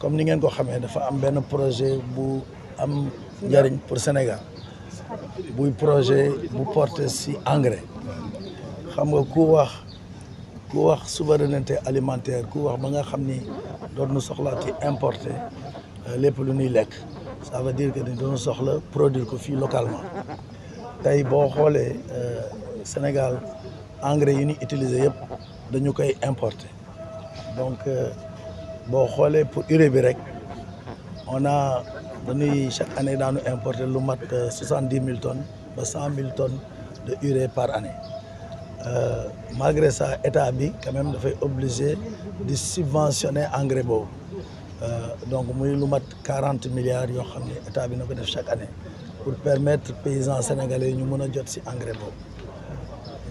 comme ni ngeen ko xamé dafa am ben projet bu am njëriñ pour Sénégal bu projet bu porté ci engrais xam nga ku wax ku wax souveraineté alimentaire ku wax ba nga xamni do doonu soxlaa ci importer euh, lépp lu ñuy lekk ça veut dire que do doonu soxla produire ko fi localement tay bo xolé euh, Sénégal engrais yi ñuy utiliser yépp dañu koy importer donc. Euh, pour urée on a donné chaque année nous importer lu mat euh, tonnes 100 000 tonnes de urée par année euh, malgré ça l'État a quand même obligé de subventionner engrais beau. Euh, donc nous lu 40 milliards yoo chaque année pour permettre aux paysans sénégalais de faire a jot ci engrais boobu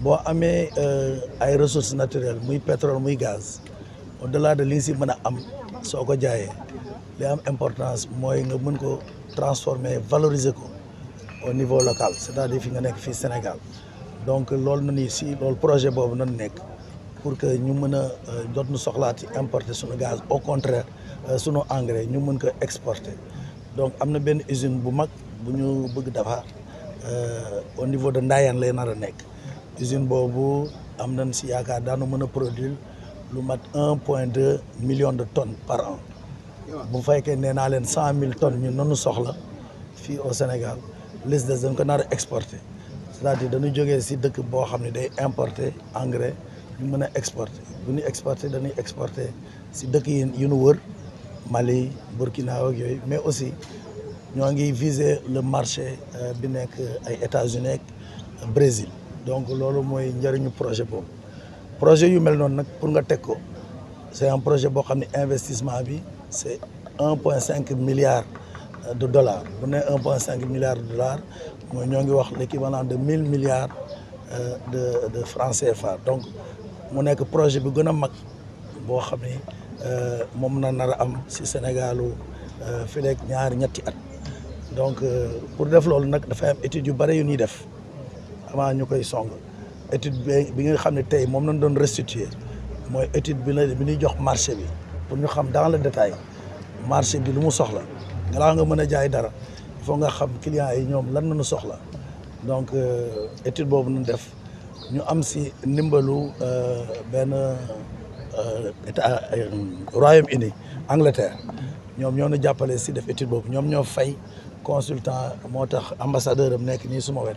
boo ressources naturelles du pétrole du gaz au delà de li nga si am soko ko li am importance moy nga mën ko transformer valoriser ko au niveau local c'est-à-dire fi nga nek fi Sénégal donc lool na ni si loolu projet bobu nan nek pour que ñu mën a euh, jot nu soxlaat importer suñu gaz au contraire euh, suñu engrais ñu mën ko exporter donc amna ben usine bu mag bu ñu bëgg dafa euh, au niveau de Ndayane lay nar nek usine bobu am nañ si yaakaar daanu mën produire nous 1,2 million de tonnes par an. Si vous avez 100 000 tonnes, nous avons ici au Sénégal. Les des exporté. C'est-à-dire que nous avons des importé engrais, nous avons exporté. Nous avons exporté, nous avons exporté. Si nous avons Mali, Burkina, mais aussi nous avons visé le marché des euh, États-Unis et Brésil. Donc, nous avons un projet pour nous projet qui est pour c'est un projet qui investissement. C'est 1,5 milliard de dollars. Vous avez 1,5 milliard de dollars. Nous avons l'équivalent de 1 000 milliards euh, de, de francs CFA. Donc, mon projet est le plus important au Sénégal ou au Sénégal. Donc, euh, pour développer, nous avons fait une étude du Barré Unidef avant de nous étude bi nga xam ne tey moom lañ doon restituer mooy étude bi la bi ñuy jox marché bi pour ñu xam dans le détail marché bi lu mu soxla galaa nga mën a jaay dara il faut nga xam clients yi ñoom lan nu soxla donc euh, étude boobu ñu def ñu am si ndimbalu euh, benn euh, état Royaume-Uni Angleterre ñoom ñoo nu jàppale si def étude boobu ñoom ñoo fay consultant moo tax ambassadeur am nekk nii suma wet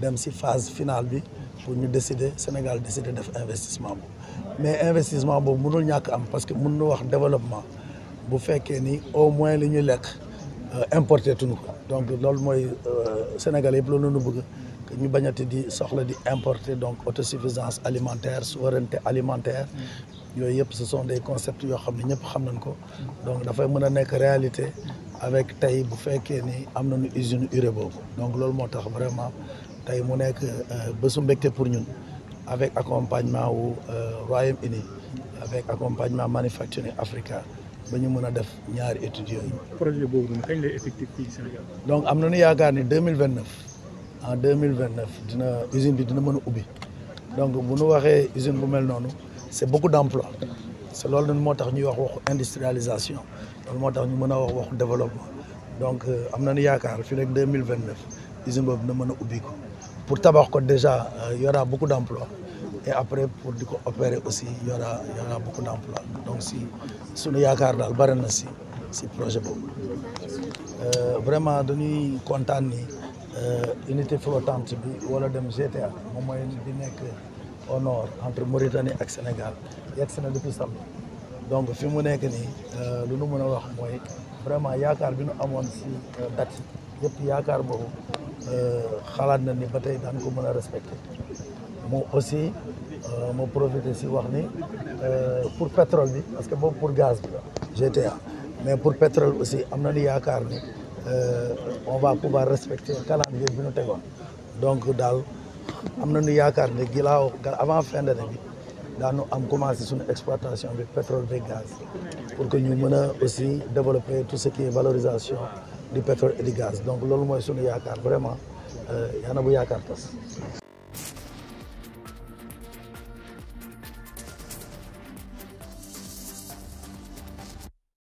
dem ces phase finale bi pour ñu décider Sénégal décider def investissement boobu mais investissement boobu mënul ñak am parce que mën wax développement bu féké ni au moins li ñu lekk euh, importer tuñu ko donc lool moy Sénégal yépp loolu euh, ñu bëgg que ñu bañati di soxla di importer donc autosuffisance alimentaire souveraineté alimentaire yooyu yëpp ce sont des concepts yo xamni ñëpp xam nañ ko donc dafay mën a réalité avec tey bu féké ni amna ñu usine urée bobu donc lool motax vraiment tey mu nekk euh, bésu mbégte pour ñun avec accompagnement wu euh, Royaume-Uni avec accompagnement Manufacturing Africa ba ñu mën def ñaari études projet boobu noonu kañ lay effectif fii Sénégal. donc am nañu yaakaar ni deux mille vingt neuf en deux mille vingt dina usine bi dina mën a donc bu ñu waxee usine bu mel noonu c' beaucoup d'emplois c'est c' est loolu nag moo tax ñuy wax industrialisation loolu moo ñu mën a wax développement donc euh, am nañu yaakaar fii rek deux mille vingt neuf usine boobu dina mën a ko pour tabax déjà il euh, y aura beaucoup d'emplois et après pour Diko opérer aussi il y aura il y aura beaucoup d'emplois donc si suñu yaakaar daal bari na c'est un projet Euh, vraiment nous sommes ni euh, unité flottante bi wala dem GTA di au nord entre Mauritanie et Sénégal Et si depuis samedi donc fi mu nekk nii Vraiment, il y a wax mooy vraiment yaakaar bi nu amoon si euh, date yëpp yaakaar Euh, xalaat na ni ba tey daan ko mën a respecté mu aussi euh, mu profité si wax ni euh, pour pétrole bi parce que boobu pour gaz bi GTA mais pour pétrole aussi am na ni yaakaar ni on va pouvoir respecter calendrier bi ñu tegoon donc daal am na nu yaakaar ne gilaaw avant fin d'année bi daanu am commencé suñu exploitation bi pétrole bi gaz pour que ñu mën a aussi développer tout ce qui est valorisation di pétrole et di gaz donc loolu mooy sunu yaakaar vraiment euh, yal na bu yaakaar tas